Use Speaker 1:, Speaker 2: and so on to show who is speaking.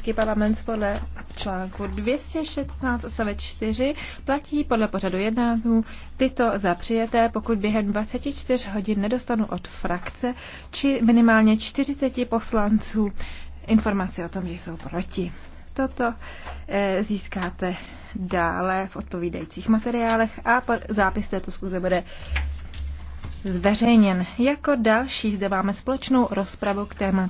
Speaker 1: Evropský parlament podle článku 216 odstavec 4 platí podle pořadu jednání tyto za přijeté, pokud během 24 hodin nedostanu od frakce či minimálně 40 poslanců informace o tom, že jsou proti. Toto eh, získáte dále v odpovídajících materiálech a zápis této zkuze bude zveřejněn. Jako
Speaker 2: další zde máme společnou rozpravu k tématu